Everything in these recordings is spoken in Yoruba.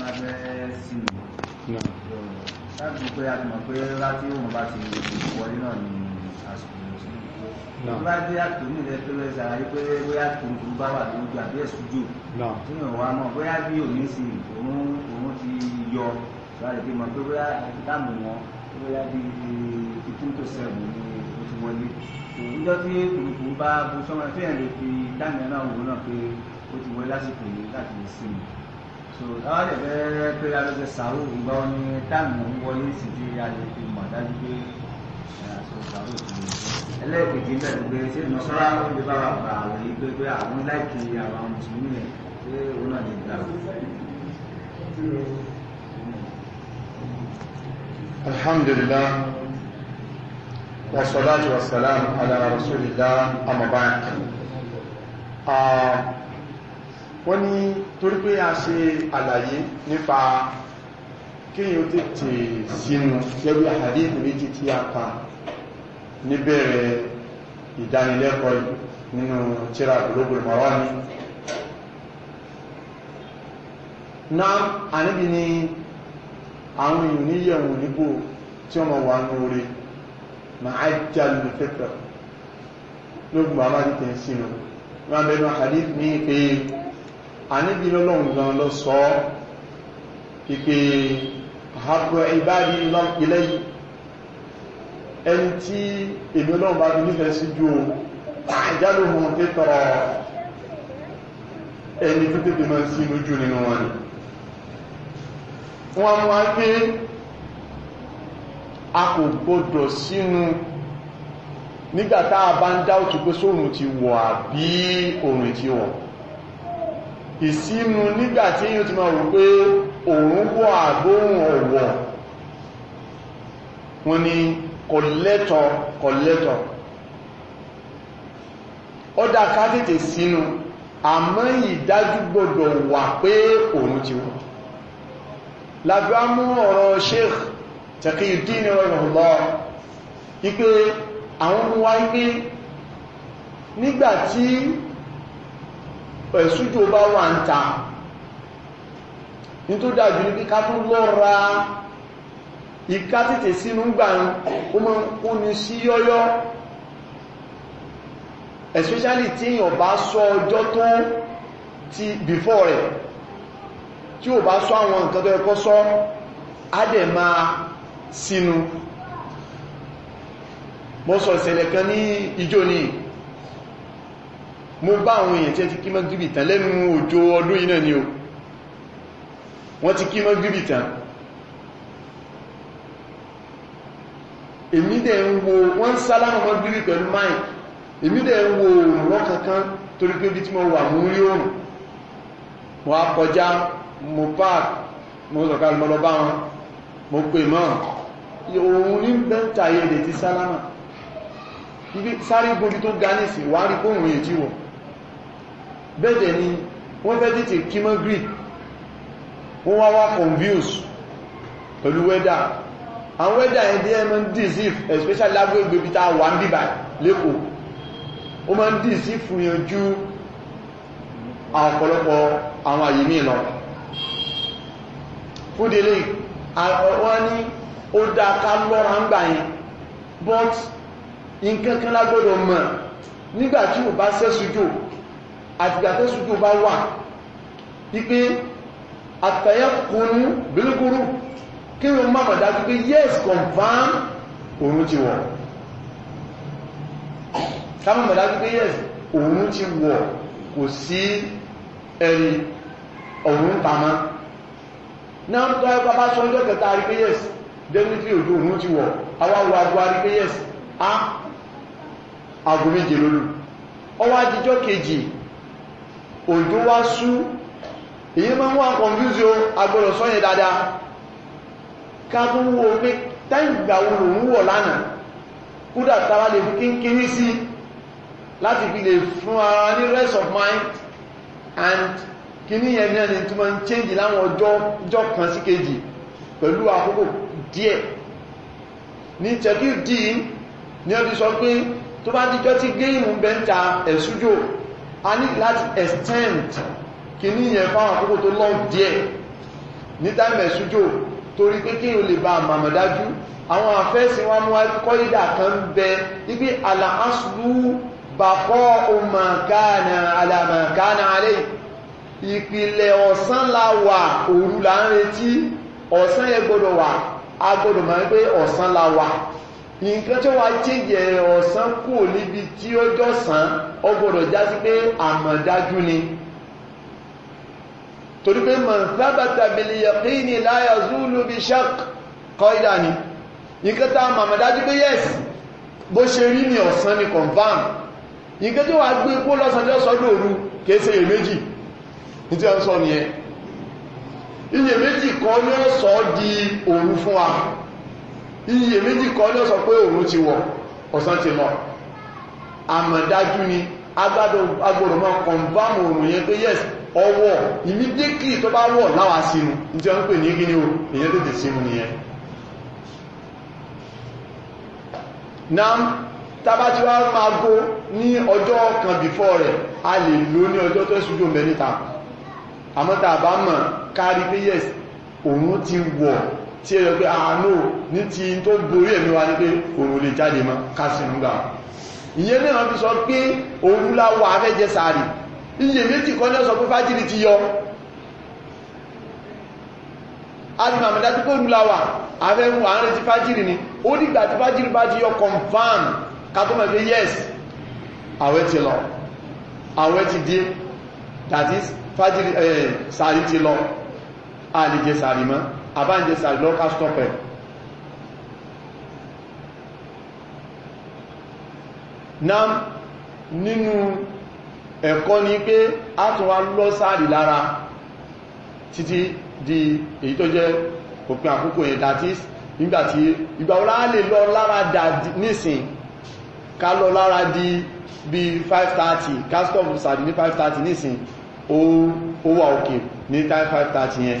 láti ẹ̀ máa fẹ́ sínú láti pé a ti mọ̀ pé láti òun bá ti wọlé náà ní àsìkò ìṣẹ́lẹ̀ tó bá dé àtò ní ilẹ̀ tó lọ ṣàlàyé pé bóyá kòkòrò bá wà lójú àbí ẹ̀sùn jù tí mi ò wá mọ̀ bóyá bí òní sì òun òun ti yọ láti fi mọ̀ pé bóyá dáàmú wọn bóyá bí fifteen to seven ni o ti wọlé níjọ́ tí kòkòrò bá bu sọ́mọ fẹ́ẹ̀ lè fi dáàmú náà wò náà pé o ti wọlé lásìkò yìí láti sinmi so táwa lè fẹ́ pé alóge sàrò ìgbà wọn ni táàmù ń wọlé sí ti alẹ́ fi mọ̀ dájú pé àṣọ sàrò ti lè fẹ́. ẹlẹ́ẹ̀kejì bẹ̀rù pé ṣé nọ́sọ́rà ó lè bára pa àwọn yìí pé pé àwọn láìkì àwọn mùsùlùmí yẹn pé òun náà lè gbà wọ́n. alhamdulillah wa salatu wa salam ala rasulillah amma ba'd wọ́n ní torí pé a ṣe àlàyé nípa kíyàn tètè sínú lẹ́bí hadith méjì tí a pa níbẹ̀rẹ̀ ìdánilẹ́kọ̀ọ́ nínú tíra Bulugul Marami náà àníbi ni àwọn èèyàn níyẹ̀wò nígbò tí wọ́n wà ní orí ma á jálù fẹ́fẹ́ lóògùn bàbá ti tẹ̀ sínú wọ́n bẹ̀rẹ̀ hadith ní pé àníbi lọ́lọ́run gan lọ sọ ọ́ pípé àbúrò ìbáàdì ilẹ̀ yìí ẹni tí èmi ọlọ́run bá fi nífẹ̀ẹ́ sí ju àjálù hàn tẹ́tọ̀ ẹni tó tètè máa sí lójú nínú wọn ni wọ́n mú wá a kò gbọdọ̀ sínú nígbàtá a bá ń dá òtù pé sóòrùn ti wọ̀ àbí òrùn ti wọ̀ ìsínu nígbàtí yíò ti máa wò pé òun wọ́ àgbóhùn ọ̀wọ̀ wọn ni kò lẹ́tọ̀ kò lẹ́tọ̀ ó dá ká tètè sínú àmọ́ ìdájú gbọdọ̀ wà pé òun ti wọ́n lábámú ọ̀rọ̀ sheikh Taqiyuddin rahimahullah ipé àwọn ọmọ wáyé nígbàtí ẹ̀sùjò bá wà ń ta ní tó dájú ní kíká tó lọ́ra ìká tètè sínú gbà ń ó mọ́ ó ní sí yọ́yọ́ especially tí èyàn bá sọ ọjọ́ tó ti before rẹ̀ tí ò bá sọ àwọn nǹkan tó ẹkọ́ sọ á dẹ̀ máa sínú mọ́sọ̀ ìṣẹ̀lẹ̀ kan ní ìjọ nìyí mo bá àwọn èèyàn tí ẹ ti kí mọ́gíríbì tán lẹ́nu òjò ọdún yìí náà ni o wọ́n ti kí mọ́gíríbì tán èmi ń wo wọ́n ń sálámọ̀ mọ́gíríbì pẹ̀lú mike èmi dẹ̀ ń wo òrùn kankan torí pé bí tí mo wà mú rí òrùn mo á kọjá mo park mo sọ̀kalẹ̀ mo wọn mo pè mọ́ òun ní bẹ́ntà yẹ̀dẹ̀ ti sálámà ibi sáré gbójú tó ga nísìn wà rí kóhùn èjì wọ̀ bẹ́ẹ̀dẹ̀ ni wọ́n fẹ́ títì kí mọ́ greek wọ́n wá wá confuse pẹ̀lú wẹ́dà àwọn wẹ́dà yẹn dé ẹmọ́ deceive especially lágbègbè bí táa wà ń bíbà lẹ́kọ̀ọ́ ó mọ́ deceive yẹn ju àwọn ọ̀pọ̀lọpọ̀ àwọn àyè míì lọ fúdélé wọ́n ní ó dá ká lọ́ra ń gbà yẹn but nǹkan kan lágbọ́dọ̀ mọ̀ nígbà ò bá sẹ́sùjò àtìgbà tó sùjú bá wà wípé àtàyẹ kùnú bílíkúrú kí wọ́n má mọ̀dá wípé yes confirm òun ti wọ̀ káwọn mọ̀dá wípé yes òun ti wọ̀ kò sí ẹ̀rì ọ̀run tamá náà tó ẹgbà bá sọ ọjọ́ kẹta rí pé yes definitely òjò òun ti wọ̀ awáwọ̀ agbó rí pé yes a agbó méje lólu ọwọ́ kejì òjò wá sú èyí máa ń wá kọ̀nfúsí o agbọ́dọ̀ sọ́yìn dáadáa ká tún wo pé táìgbà wo lòun wọ̀ lánàá kódà tàbá lè fi kínkíní sí láti fi lè fún ara ní rest of mind and kíní yẹn náà ni tó máa ń change láwọn ọjọ́ kan sí kejì pẹ̀lú àkókò díẹ̀ ní tẹ̀kí dìín ni ó fi sọ pé tó bá díjọ́ tí géèmù bẹ́ńta ẹ̀sújò a ní láti extend kì ní yẹn fáwọn àkókò tó lọ díẹ̀ ní time ẹ̀sùjò torí pé kí o lè ba àmàmàdájú àwọn àfẹ́sìn wa mú kọ́ ìdà kan bẹ ibi àlàásùlù bàkọ́ òmàkánà alàmàkánà alẹ́ ìpìlẹ̀ ọ̀sán la wà òru là ń retí ọ̀sán yẹ gbọ́dọ̀ wà a gbọ́dọ̀ máa ń pé ọ̀sán la wà nǹkan tí wàá chéjì ọ̀sán kù níbi tí ó jọ̀sán ó gbọ́dọ̀ jásí pé àmọ̀dájú ni torí pé mọ̀nsábàtà bìlìyàkí ni láyà zúlù bí ṣak kọ́ìdà ni nǹkan tá àmọ̀dájú pé yes bó ṣe rí ní ọ̀sán ni confam nǹkan tí wàá gbé kó lọ́sànjọ́ sọ́dọ̀ òru èméjì ní tí wọ́n sọ nìyẹn iyèméjì kan ni ó di òru fún wa iye méjì kan ló sọ pé òun ti wọ̀ ọ̀sán ti lọ àmọ̀dájú ni agbọ́dọ̀ máa kọ̀nbámù òun yẹn pé yes ọwọ́ immediately tó bá wọ̀ láwá sínú pè ní o enyedede tètè sínú nìyẹn náà tàbá tí wọ́n máa ní ọjọ́ kan before rẹ̀ a lè lò ní ọjọ́ tó kárí pé yes ti wọ̀ tí ẹ yọ pé àánú ah, ní ti tó borí ẹ̀mí wa ní pé òòrùn lè jáde mọ́ kásìnúgbà ìyẹn náà fi sọ pé òòrùn láwọ afẹ́jẹ sàárì iye méjì kan ní ọ̀sọ̀ pé fájìlì ti yọ alìmọ̀mọ̀dá tí kóòrùn láwà afẹ́hùn àárín ti fájìlì ni ó dìgbà tí fájìlì bá ti yọ confam kátọ́mọ̀ pé yes àwẹ̀ ti lọ àwẹ̀ ti dé that is fájìlì eh, sàárì ti lọ àlejẹ sàárì mọ́ advantage and no can stop ẹ̀ nam nínú ẹ̀kọ́ ni pé a tún wá lọ sáàrì lára títí di èyí tó jẹ́ òpin àkókò yẹn that is nígbàtí ìgbàwọ́lá lè lọ lára dà nísìn ká lọ lára di bí 5:30 ká stop sáàrì ní 5:30 nísìn ó wà òkè ní time 5:30 yẹn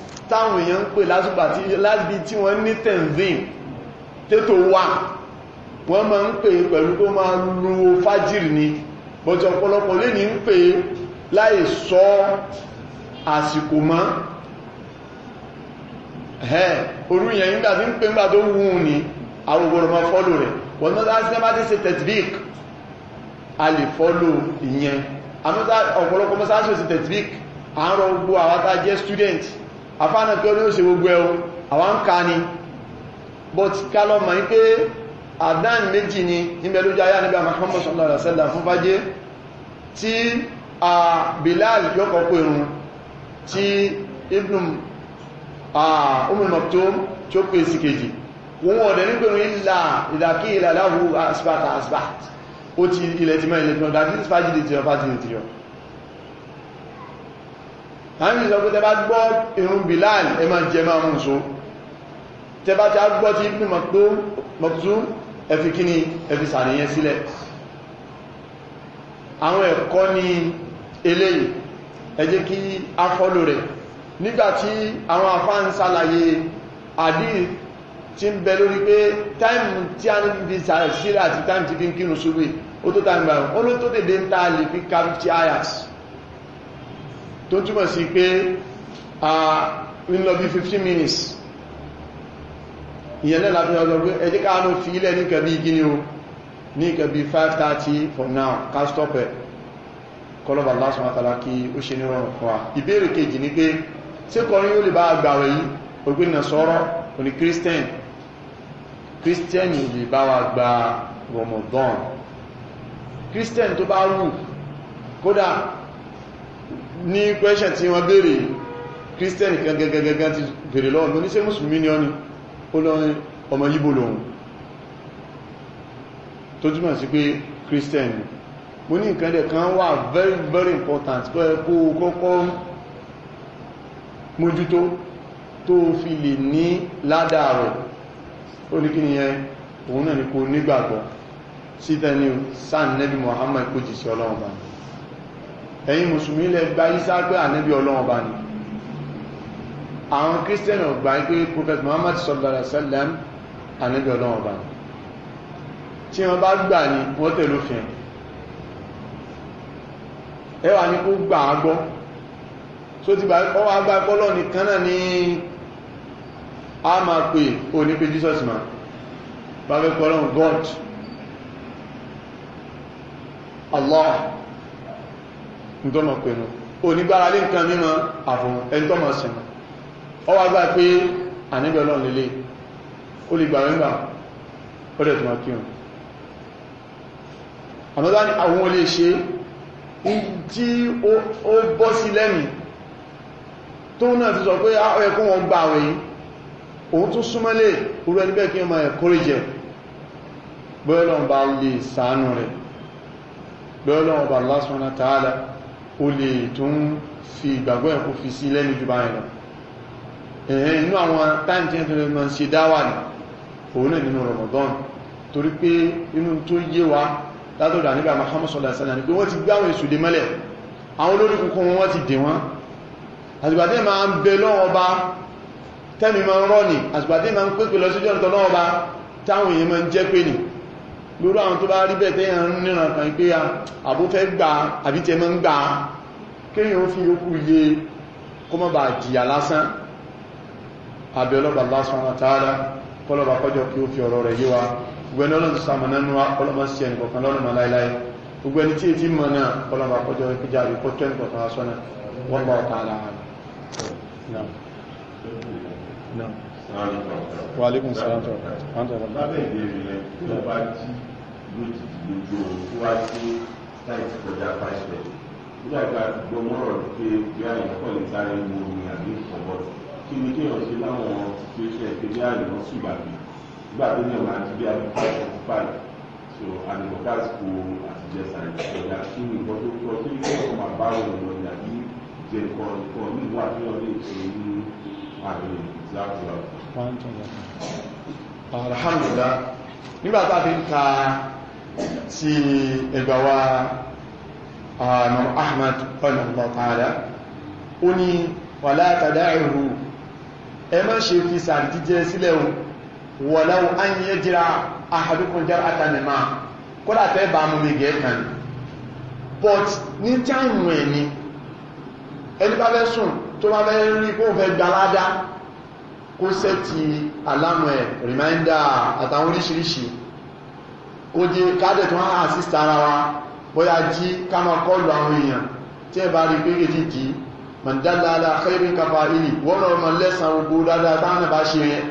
táwọn èèyàn ń pè lásùgbà tí lásìbí tí wọ́n ní tenzin tètò wà wọ́n máa ń pè pẹ̀lú kó máa lu fájìrì ni bọ̀tí ọ̀pọ̀lọpọ̀ lè ní ń pè láì sọ àsìkò mọ́ ẹ̀ orú yẹn nígbà tí ń pè ńgbà tó wùn ní àwọn ògbòrò máa fọ́lò rẹ̀ wọ́n náà àfáànà pé ní ó ṣe gbogbo ẹ̀wọ̀ àwọn ń ká ni but kálọ̀ mọ̀ ní pé àdán méjì ni níbẹ̀lújá yá níbẹ̀ Muhammad sallallahu alaihi wasallam fún fájé tí a Bilal yọ́kọ̀ pé irun tí ibn Umm Maktum tí ó pè sí kejì wọ́n wọ́n dẹ̀ nígbèrún ìlà ìdàkí ìlà láhù asbáta ó ti ilẹ̀ ti mọ́ ilẹ̀ tí wọ́n dájú sí fájì àmì sọ pé tẹ bá gbọ́ irun bilal ẹ máa jẹ máa mú so tẹ bá ti á gbọ́ ti ibùn mọ̀tún ẹfi kíni ẹfi sàníyàn sílẹ̀ àwọn ẹ̀kọ́ ni eléyìí ẹjẹ́ kí a fọ́lò rẹ̀ nígbàtí àwọn afá ń sàlàyé àdí tí ń bẹ lórí pé táìmù tí a ní tó túnmọ̀ sí pé a ń lọ bí 15 minutes ìyẹn náà láti ọjọ́ pé ẹjẹ́ káánù fi ilẹ̀ ní kẹbí gíní o ní kẹbí 5:30 for now ká stop ẹ̀ kọlọ́bà lásán àtàlá kí ó ṣe ní rọrùn fún wa ìbéèrè kejì ní pé tí kọrin yóò lè bá agbàwẹ̀ yìí ògbénà sọ́rọ̀ òní christian christian lè bá wa gba Ramadan christian tó bá rù kódà ní question tí wọ́n béèrè christian kan gẹ́gẹ́gẹ́gẹ́ ti béèrè lọ́wọ́ ní ṣe mùsùlùmí ni ọ́ni ó lọ́rin ọmọ yíbò lòun tó túnmọ̀ sí pé christian mo ní nǹkan dẹ̀ kan wà very very important kọ́ ẹkọ́ kọ́kọ́ mójútó tó fi lè ní ládàrọ̀ ó ní kí ni yẹn òun ni kò nígbàgbọ́ ẹ̀yin mùsùlùmí lẹ gba isa pé ànábì ọlọ́run ọba ni àwọn kírísítẹ́nì ọgbà pé prophet muhammad sallallahu alaihi wasallam ànábì ọlọ́run ọba ni tí wọ́n bá gbà ní wọ́n tẹ̀lé òfin ẹ wà ní kó gbà á gbọ́ tó ti ọwọ́ agbá pọ́lọ́ nìkan náà ní a máa pè ò ní pé jesus ma bá fẹ́ pọ́lọ́ god allah ntọ́mọ̀ pẹ̀lú onígbára lé nǹkan mímọ́ àfún ẹni tọ́mọ̀ sìn ọ wá gbá pé àníbẹ̀ ọlọ́run lélẹ̀ ó lè gbà mẹ́gbà ó tó máa kírun àmọ́dá ni àwọn olè ṣe tí ó bọ́ sí lẹ́mìí tó náà ti sọ pé ẹkún wọn gbà àwẹ̀ yìí òun tún súnmọ́lẹ̀ orú bá lè sàánú rẹ̀ bọ́ẹ̀lọ́n bá lásán tààdà o lè tún fi ìgbàgbọ́ ẹ̀ kó fi sí lẹ́nu jù báyìí lọ ẹ̀hẹ́ inú àwọn táìmù tí wọ́n tó lè máa ṣe dáwà ní òun náà nínú Ramadan torí pé inú tó yé wa látọ̀dà nígbà Muhammad sallallahu alaihi wasallam ni pé wọ́n ti gbé àwọn èṣù dè mọ́lẹ̀ àwọn olórí kúkún wọn ti dè wọ́n àtìgbàdé ma ń lórí àwọn tó bá rí bẹ́ẹ̀ tẹ́yàn kan pé àbúfẹ́ gbà àbí tẹ́ ń gbà kéyàn fi yókù yé kó mọ́ bá jìyà lásán àbẹ̀ ọlọ́bà lásán àtàrà kọlọ́bà kọjọ kí ó fi ọ̀rọ̀ rẹ̀ yíwa gbẹ̀ni ọlọ́dún sàmọ̀nánú ọlọ́mọ sí ẹnì kọ̀kan lọ́nà láíláí gbẹ̀ni tí èjì mọ̀ náà kọlọ́bà kọjọ kíjà rí kọ́tọ́ ẹnì kọ̀kan asọ́nà wọ́n bá ọ̀tà àlà Wàlékún sàrántọ̀. Lábẹ́ ìbéèrè rẹ̀ tí ó bá jí lójijì lójú òun tó wá sí láì kọjá 5 nígbà tí a gbọ́ mọ́rọ̀ pé bí a yẹ kọ́ lè sáré wo omi àbí ìfọ̀bọ̀ kí ni kí èèyàn ṣe láwọn situation pé bí a yẹ wọ́n sùn gbàgbé nígbà tó ní ọ̀nà àti bí a yẹ kọ́ forty five so àdìgbò káàsìkò àtijọ́ sáré ìṣẹ̀dá kí ni nǹkan tó tọ́ kí ni kí wọ́n máa bá wọn lọ ní àbí jẹ nǹkan nǹkan ní ìwà tí wọ́n lè ṣe ní àárín ìzáàkúrà. alhamdulilah nígbà tá a fi ń ka ti ẹgbàá wa ọ̀nà ahmad ọ̀nà ọ̀tàrà ó ní wàlá àtàdá ẹ̀rù ẹ má ṣe fi sàǹtíjẹ sílẹ̀ wọ̀láwó ányẹ́ jira ahàdùkùn jẹ́ àtànìmá kódà tẹ́ bá mú mi gẹ̀ẹ́kan but ní táìmù ẹ̀ ni ẹni bá fẹ́ sùn tó bá fẹ́ rí kó fẹ́ gbalada kó sẹ́tì alámù bóyá jí ká máa kọlù àwọn èèyàn tí ẹ bá rí pé kejì jí mọ̀dálà aláàkẹ́rí kafa ilì wọ́n lọ mọ̀ lẹ́sàn gbogbo dáadáa táwọn bá ṣe yẹn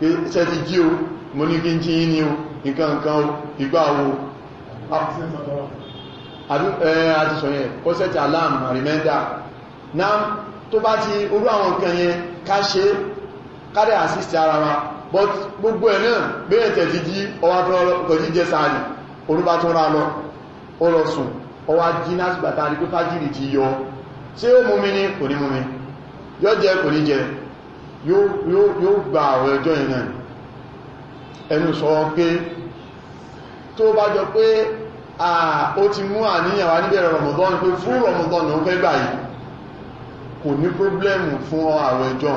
pé ṣe ti jí o mo ní kí n jí ní o nǹkan nǹkan o wo àti sọ yẹn ó sẹ́tì alarm rìmẹ́ndà náà tó bá ti orú àwọn nǹkan yẹn ká ṣe kárẹ̀ assist ara wa but gbogbo ẹ̀ náà bẹ́ẹ̀ tẹ̀ ti jí ọwá tó kọjí ó lọ sùn ó wá jí láti gbàtà rí pé fájìrì ti yọ ṣé ó mú mi ní kò ní mú mi yóò jẹ kò ní jẹ yóò gba àwọn ẹjọ́ yẹn náà ẹnu sọ pé tó bá jọ pé ó ti mú àníyàn níbẹ̀rẹ̀ Ramadan pé fún Ramadan ní ó fẹ́ gbà yìí kò ní pọ́blẹ́mù fún àwọn ẹjọ́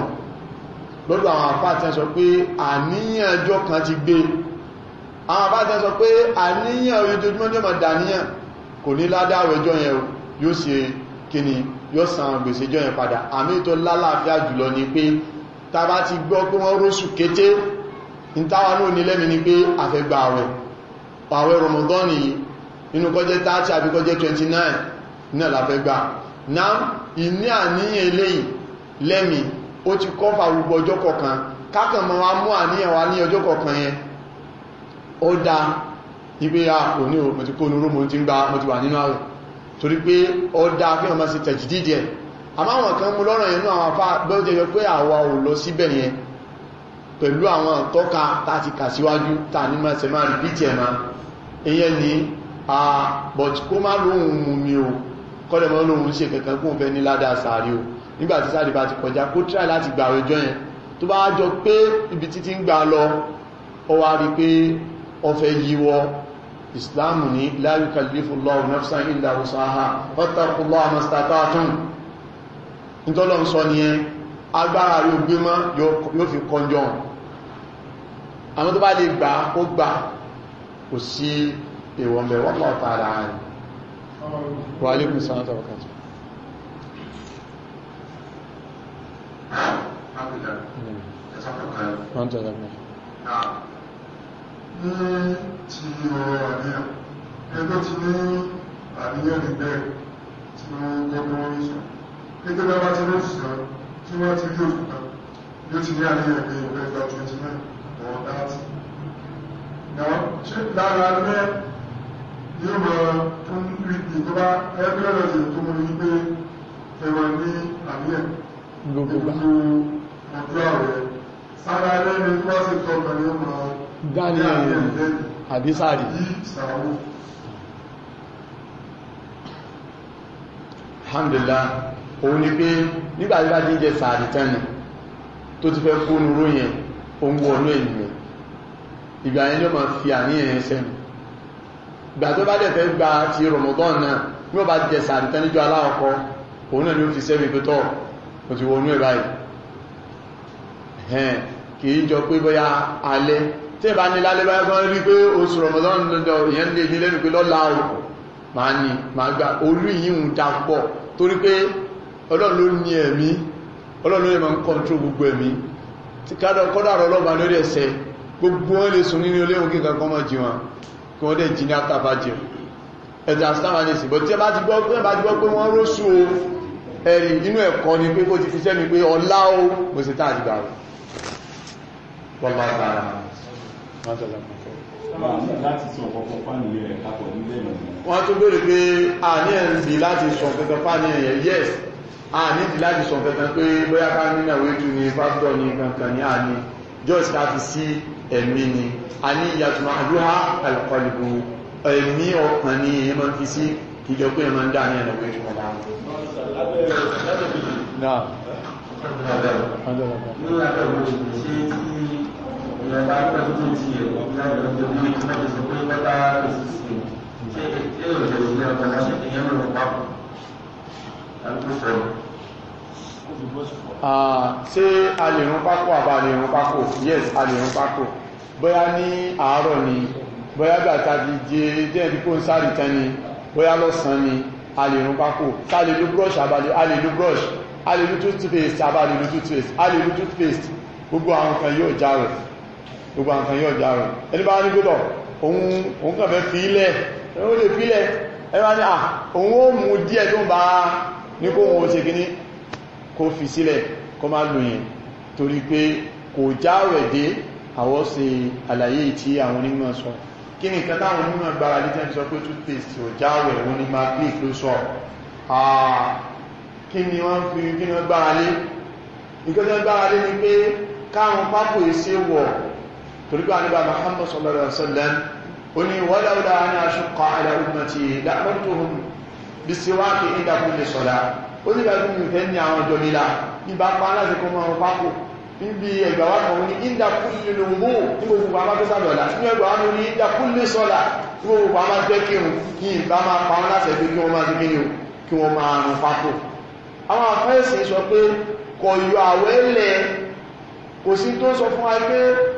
lọ́dọ̀ àwọn àfáà tí a sọ pé àníyàn kan ti gbé àwọn àbájá sọ pé àníyàn ojoojúmọ́ ní ọmọ dàníyàn kò ní ládáwẹ̀ ọjọ́ yẹn o yóò ṣe kíni yóò san gbèsè ọjọ́ yẹn padà àmì tó lálàáfíà jùlọ ni pé ta bá ti gbọ́ pé wọ́n róṣù kété ní táwa náà ní lẹ́mi ni pé àfẹ́gbà àwẹ̀ àwẹ̀ rọmọdọ́nì nínú kọjẹ́ 30 àbí kọjẹ́ 29 náà láfẹ́gbà ó dá ipé a ò ní o mọ̀tí kó onúrú mo ti ń gba mo ti wà nínú ààrẹ torí pé ó dá kí wọ́n máa ṣe tẹ̀jìdìdì ẹ̀ àmọ́ àwọn kan mú lọ́rọ̀ yẹn náà àwọn afá bẹ́ẹ̀ pé àwa ò lọ síbẹ̀ yẹn pẹ̀lú àwọn tọ́ka láti a but kó má lóhun mú mi o kọ́lẹ̀ mọ́ lóhun ṣe kankan kó fẹ́ ní ládàá rí pé ọfẹ́ yíwọ́ islamu ní láyúkà lífúnlọ́wọ́ nafsan ilẹ̀ àwùsáhá fọ́tàkùnlọ́ àmàstàtàtún nítọ́lọ́n sọ ni ẹ agbára rí ogbé mọ́ yóò fi kọjọ́ àwọn tó bá lè gbà ó gbà kò sí èwọ̀n mẹ́wọ́n lọ́tàrà rẹ̀ ní ti ọ̀rọ̀ eh, àníyàn ẹgbẹ́ ti ní àníyàn nígbẹ́ tí wọ́n gbọ́dọ̀ wọ́n ń sọ gẹ́gẹ́ bá bá ti ní oṣù tí wọ́n ti rí oṣù bí ó ti ní àníyàn ní ìwé ìgbà twenty nine or lára ẹgbẹ́ yóò mọ tó rí ìjọba ẹgbẹ́ rẹ̀ sì tó mọ ní pé ẹwà ní àníyàn gbogbo ọjọ́ rẹ̀ sára ẹgbẹ́ ni wọ́n sì tọ́ ọkàn ní ọmọ Daniel Àbísàrí alhamdulillah òun ni pé nígbàtí bá díjẹ sàárì tẹ́nì tó ti fẹ́ fóònù ròyìn ohun wọnú ènìyàn ìgbà yẹn ló ma fi àníyàn ẹsẹ̀ ìgbà tó bá dẹ̀ fẹ́ gba ti Ramadan náà ní ó bá díjẹ sàárì tẹ́nì jọ aláwọ̀kọ́ òun náà ni ó fi sẹ́mi pé tọ́ kò ti wọnú ẹ̀ báyìí kìí jọ pé bóyá alẹ́ tí ìbá ní lálẹ́ báyá kan rí pé oṣù Ramadan lọ́dọ̀ ìyẹn lè ní lẹ́nu pé lọ́la o máa ní máa gba orí yìí ń da pọ̀ torí pé Ọlọ́run ló ní ẹ̀mí Ọlọ́run ló lè máa ń kọ́ńtró gbogbo ẹ̀mí tí kọ́dà rọ lọ́ba lórí ẹ̀sẹ̀ gbogbo wọn lè sùn nínú olóhùn kíkan kan mọ̀ jí wọn kí wọ́n dẹ̀ jí ní àtàbà jẹ ẹ̀dà sáwánẹsì bọ̀ tí ẹ bá ti gbọ́ pé wọ́n róṣù o ẹ̀rì nínú ẹ̀kọ́ ni pé kó ti fi sẹ́mi pé ọlá o mo sì tá àdìgbà rẹ̀ wọ́n bá sára wọ́n tún bèèrè pé a ní ẹ̀rìndì láti sùn kankan fáni ẹ̀yẹ yes a nídi láti sùn kankan pé bóyá ká nínà wéjú ni pásítọ̀ ní kankan ní a ní ká fi sí ẹ̀mí ni a ní ìyàtùmọ̀ àdúrà alùpàlùpù ẹ̀mí ọkàn ni èyí máa fi sí ìjọ pé ẹ máa ń dà ní ẹ̀nà wéjú ọ̀la ìyẹn bá pẹ́ tó ti a lè rún pákó àbá lè rún pákó yes a lè rún pákó bóyá ní àárọ̀ ni bóyá gbàtà fi jẹ díẹ̀ dípò ń sáré tán ni bóyá lọ́sàn-án ni a lè rún pákó ká lè lo brush àbálẹ̀ a lè lo brush a lè lo toothpaste àbálẹ̀ lo toothpaste a lè lo toothpaste gbogbo àwọn kan yóò já gbogbo àǹkan yóò já rẹ̀ ẹni bá ní gbọ́dọ̀ òun kàn fẹ́ fílẹ̀ ó lè fílẹ̀ ẹwà ní à òun ó mú díẹ̀ tó ń bá ní kó wọn ó ṣe kíní kó fi sílẹ̀ kó má lò yẹn torí pé kò já rẹ̀ dé àwọ́ ṣe àlàyé tí àwọn onímọ̀ sọ káwọn pápò ìṣe torípé àníbà Muhammad sallallahu alaihi wasallam ó ní wọ́láwọ́lá ní aṣọ́kọ̀ ala ummati la'amartuhum bí síwáàkì inda kulli salah ó ní bàbí mi fẹ́ ní àwọn ọjọ́ nílá ibà pa láti kó máa pápò níbi ẹgbàwá kan ní inda kulli lòmó tí mo fún bàbá tó sàlọ̀lá nínú ẹgbàwá mi ní inda kulli salah tí mo fún bàbá fẹ́ kírun kí ìbá máa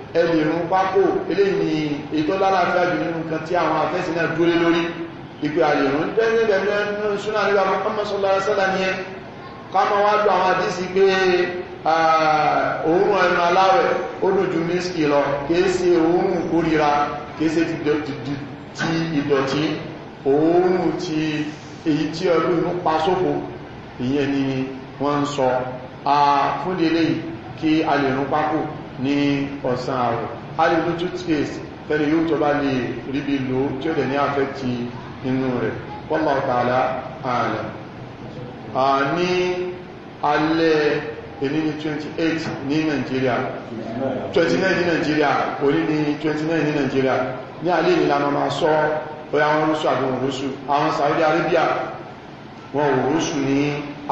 ẹrù ìrún pákó eléyìí ètò lálàáfíà jù nínú kan tí àwọn afẹ́sìn náà dúró lórí ìpè àyèrún tẹ́lẹ̀lẹ́lẹ́ súnà nígbà mọ́kànlá sọ́lára sọ́lá ní ẹ káàmọ́ wá lọ àwọn àdísì pé òórùn ẹnu aláwẹ̀ ó dùn ju mísìkì lọ kìí ṣe òórùn kórìíra kìí ṣe ti ìdọ̀tí òórùn ti èyí tí ọdún inú pa ní ọ̀sán àwẹ̀ alìlú toothpaste tẹ́lẹ̀ yóò tọ́bá lè ríbi lò tí ó dẹ̀ ní àfẹ́kì inú rẹ̀ pọ́lọ̀ tààlà ààlà ní alẹ́ èní ní 28 ní Nigeria 29 ní Nigeria orí ní 29 ní Nigeria ní alẹ́ ìlànà máa sọ ọya àwọn rúsù àdúrùn rúsù àwọn Saudi Arabia wọn ò rúsù ní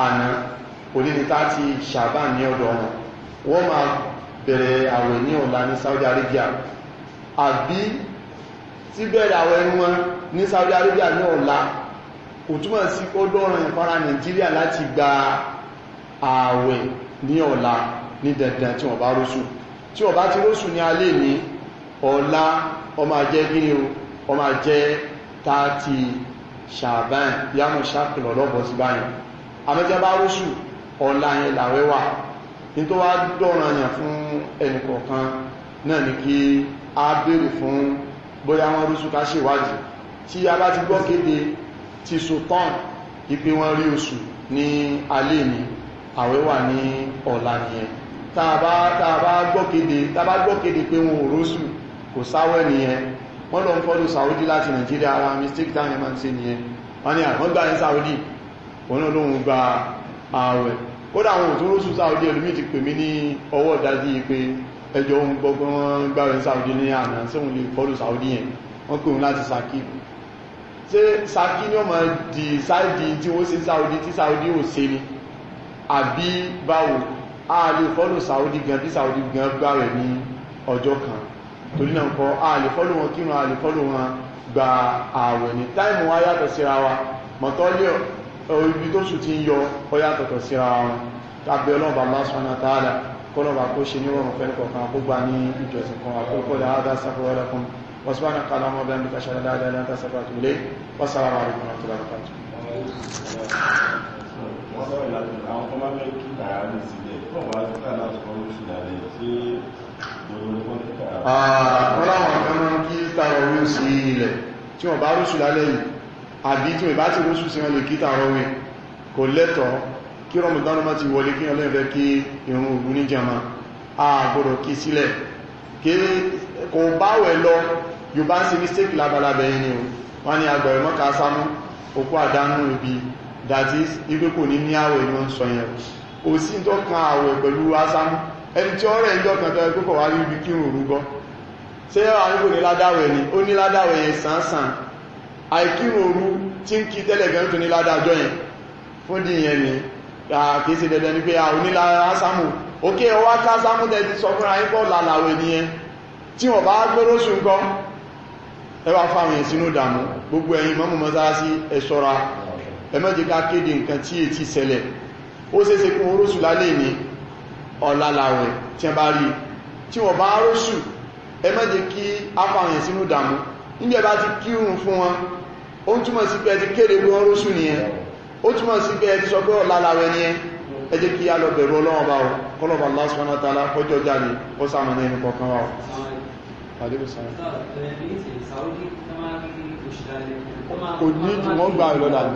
àná orí ní 30 Shaban ní ọ̀dọ̀ wọn wọ́n máa bẹ̀rẹ̀ àwẹ̀ ní ọ̀la ní Saudi Arabia àbí tí bẹ̀rẹ̀ àwẹ̀ wọn ní Saudi Arabia ní ọ̀la kò túmọ̀ sí ó dọ́rùn ìfara Nàìjíríà láti gba àwẹ̀ ní ọ̀la ní dandan tí wọ́n bá rósù tí wọ́n bá ti rósù ní alẹ́ ní ọ̀la ó máa jẹ́ gíní o ó máa jẹ́ 30 Ṣàbán yámù ṣàkìlọ̀ sí báyìí àmẹ́jẹ́ bá rósù ọ̀la yẹn làwẹ́wà ní tó wá dọ̀ranyàn fún ẹnìkọ̀ọ̀kan náà ni kí a bèèrè fún bóyá wọ́n rí súká ṣèwádìí tí a bá ti gbọ́ kéde ti sultan ipé wọ́n rí oṣù ní alẹ́ ni àwẹ̀ wà ní ọ̀la nìyẹn tá a bá gbọ́ kéde pé wọn ò róṣù kò sáwẹ̀ nìyẹn wọ́n lọ ń fọ́lú saudi láti nigeria ara mistake time man se nìyẹn wọ́n ni àwọn gbá ní saudi wọ́n lọ́wọ́ kódà àwọn òtún lóṣù sáàdì ẹlùmí ti pè mí ní ọwọ́ ìdájí pé ẹjọ́ ohun gbọ́gbọ́n gbáwẹ̀ sáàdì ní àná síwọn lè fọ́lù sáàdì yẹn wọ́n pè wọn láti sàkí ṣe sàkí ní ọmọ di sáàdì tí wọ́n ṣe sáàdì tí sáàdì ò ṣe ni àbí báwo a lè fọ́lù sáàdì gan bí sáàdì gan gbáwẹ̀ ní ọjọ́ kan torí náà kọ́ a lè fọ́lù wọn kírun a lè fọ́lù wọn gba ààwẹ̀ ní táìmù wa síra wa mọ̀tọ́lẹ́ ibi tó sùn ti ń yọ ọyá tọ̀tọ̀ síra wọn lábẹ́ ọlọ́ọ̀bà lásánà tààlà kọlọ̀bà kó ṣe ní rọrùn fẹ́ kọ̀ọ̀kan kó gbà ní ìjọsìn kan àkókò dáadáa sáfọ́wọ́lẹ́kùn wasu bá ní kalamọ́ bẹ́ẹ̀ bí kàṣà dáadáa láta sáfàtù lé wàsàrà wà rìkùnà tó lára pàtó wọ́n láwọn kan máa tí wọ́n bá rúṣù lálẹ́ yìí àbí tí ìbá ti rúsù sí wọn lè kíta rọwẹ́ kò lẹ́tọ̀ kí rọmọdánù má ti wọlé kí ọlẹ́fẹ́ kí irun ògùn ní jama àgbọ̀dọ̀ kí sílẹ̀ kò báwẹ̀ lọ yóò bá ń se mistake labalábẹ̀ ẹni o wọ́n ni agbẹ̀rẹ̀ mọ́ka sámú òkú àdánù ibi that is ipé kò ní ní ni wọ́n sọ yẹn wá ní ládáwẹ̀ ni ó àìkírun òru tí ń kí tẹ́lẹ̀ gan tó ní ládájọ́ yẹn fún dìyẹn ni kìí ṣe dandan ni pé a onílá ásámù òkè ọwá kásámù tẹ́tí sọ fúnra yín pọ̀ lálàwẹ̀ nìyẹn tí wọ́n bá gbọ́rọ̀ sùn kọ́ ẹ wá fáwọn yẹn sínú ìdààmú gbogbo ẹ̀yin mọ́mú mọ́sálásí ẹ ṣọ́ra ẹ má ní ọ̀la ti kírun fún wọn ó túnmọ̀ sí pé ẹ ti kéde pé wọ́n rúṣù nìyẹn ó túnmọ̀ sí pé ẹ ti sọ pé ọ̀la lára ẹni ẹ ẹ jẹ́ kí a lọ bẹ̀rù ọlọ́wọ́n bá ọ kọlọ̀bà lásán àtàlá kọjọ́ jáde ó sàmà ní ẹnu kọ̀ọ̀kan wa kò ní jù wọ́n gbà ìlọ́dà ní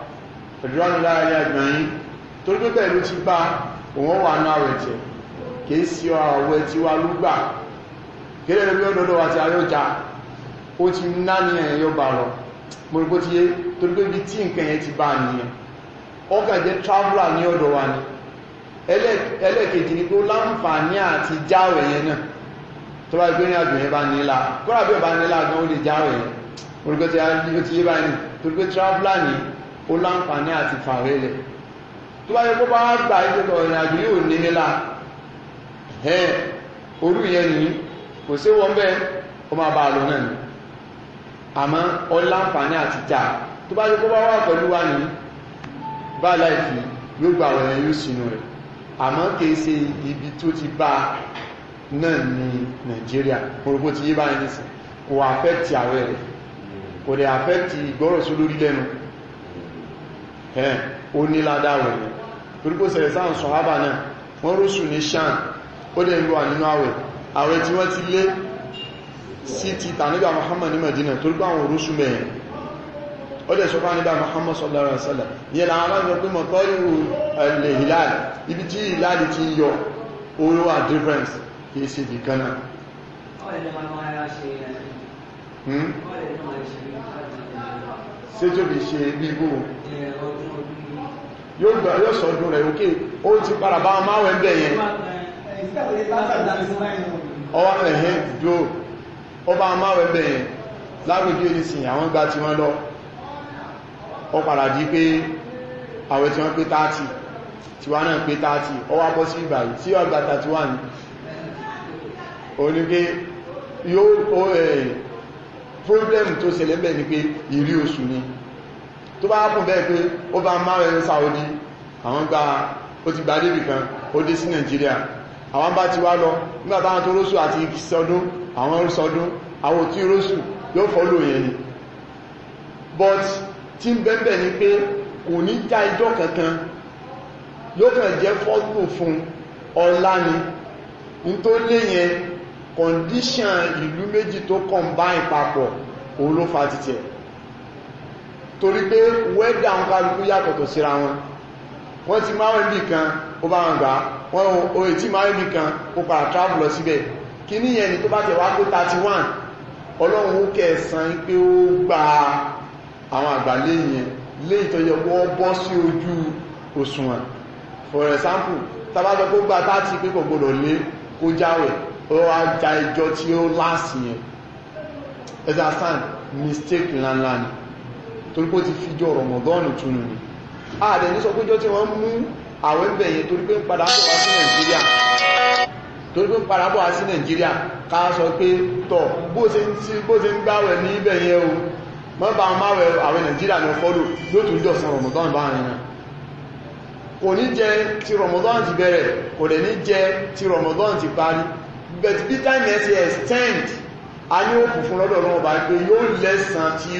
ẹ̀dùrán lára ní àgbàyìn torí pé pẹ̀lú ti bá òun wà náà rẹ̀ tẹ̀ kìí sí àwọ̀ tí wa lúgbà kéde lórí ọdọọdọ àti àyọjà ó ti ná ní ẹ̀yàn yọba lọ mo rí bó yé torí pé ibi tí nǹkan yẹn ti bá nìyẹn ọkàn jẹ́ traveler ní ọ̀dọ̀ wa ni ẹlẹ́ẹ̀kejì ni pé ó láǹfààní àti jáwẹ̀ yẹn náà tó bá gbé ní àjò yẹn bá nílá kọ́ra bí ọba nílá gan traveler nìyẹn ó láǹfààní àti fàrẹ́lẹ̀ tó bá yẹ kó bá gbà ìjọba ọ̀rìn àjò yóò ní nílá ẹ̀ orú ìyẹn nìyí kò sí wọn bẹ́ẹ̀ ó máa bá a lọ náà ni àmọ́ ó láǹfààní àti jà tó bá yẹ kó bá wà pẹ̀lú wa nìyí bá láìfi yóò gbà ọ̀rìn yóò sínú rẹ̀ àmọ́ kìí ṣe ibi tó ti bá náà ní nàìjíríà orúkọ ti yé báyìí nìsín kò àfẹ́ ti àwẹ̀ rẹ̀ kò dẹ̀ àfẹ́ ti ìgbọ́rọ̀sọ lórí lẹ́nu ẹ̀ ó ní ládáwẹ̀ torípò sẹ̀rẹ̀ sáà sọ̀hábà náà wọ́n rúṣù ní sàn ó dẹ̀ lọ nínú àwẹ̀ àwẹ̀ tí wọ́n ti lé sí ti tàníbà Muhammad ní Medina torípò àwọn rúṣù mẹ́rin ó dẹ̀ sọ fún àníbà Muhammad sallallahu alaihi wasallam ìyẹn làwọn aláìsọ pé mọ̀ ibi tí ìlàlì ti yọ oró à difference kì ṣe tó lè ṣe bíbú yóò gbà yóò sọ́dún rẹ̀ òkè ó ti para bá wọn máwẹ̀ bẹ̀ yẹn ọwọ́ ẹ̀hẹ́ ìdó ó bá máwẹ̀ bẹ̀ yẹn lágbègbè ìsìn àwọn gbá ti wọ́n lọ ó padà di pé àwẹ̀ tí wọ́n pé 30 tí wọ́n náà pé 30 ọwá bọ́ sí ìbàyí tí ọgbà 31 onígbé problem tó ṣẹlẹ̀ bẹ́ẹ̀ ni pé ìrí oṣù ni tó bá kùn bẹ́ẹ̀ pé ó bá márùn-ún Saudi àwọn gba ó ti gba débì kan ó dé sí Nàìjíríà àwọn bá ti wá lọ nígbà táwọn tó róṣù àti sọdún àwọn sọdún àwọn òtí róṣù yóò fọ́lò yẹn ni but tí ń bẹ́ẹ̀bẹ̀ ni pé kò ní já ijọ́ kankan yóò kàn jẹ́ fọ́lù fún ọlá ni n tó lé yẹn condition ìlú méjì tó combine papọ̀ òun ló fa títẹ̀ torí pé wẹ́dà ń kálukú yàtọ̀tọ̀ síra wọn wọ́n ti máa ń bì kan ó bá wọn gbà wọ́n o ètí máa ń bì kan ó padà travel lọ síbẹ̀ kí ní ẹni tó bá tẹ̀ wá pé 31 ọlọ́run ó kẹsàn pé ó gba àwọn àgbàlẹ́ yẹn léyìn tó yẹ wọ́n bọ́ sí ojú òṣùwọ̀n for example tàbátọ̀ kó gba 30 pé kò gbọdọ̀ lé kó jáwẹ̀ ó wá ja ẹjọ́ tí ó láàsì yẹn ẹ̀sà sàn mistake ńláńlá ni torí pé ó ti fíjọ rọmọdọ́ọ̀nù túnú ni ààrẹ ní sọ péjọ tí wọ́n mú àwẹ́ bẹ̀yẹn torí pé ń padà bọ̀ wá sí nàìjíríà torí pé ń padà bọ̀ wá sí nàìjíríà ká sọ pé tọ̀ bó ṣe ń gbáwẹ̀ ní ibẹ̀yẹn o mọ́ bá wọn máwẹ̀ àwẹ́ nàìjíríà ní ọfọ́lù yóò tún jọ san rọmọdọ́ọ̀nù báwọn yẹn kò ní jẹ ti rọmọdọ́ọ̀nù ti bẹ̀rẹ̀ kò dẹ̀ ní jẹ ti rọmọdọ́ọ̀nù ti parí but bí time yẹn ṣe extend a ní ó kù fún lọ́dọ̀ ọlọ́run bá gbé yóò lẹ́sàn tí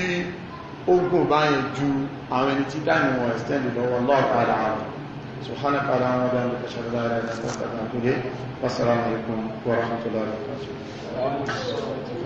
ogun bá yẹn ju àwọn ẹni tí time wọn extend lọ́wọ́ lọ́ọ̀kadà àwọn سبحانك اللهم وبحمدك اشهد ان لا اله الا انت استغفرك واتوب اليك والسلام عليكم ورحمه الله وبركاته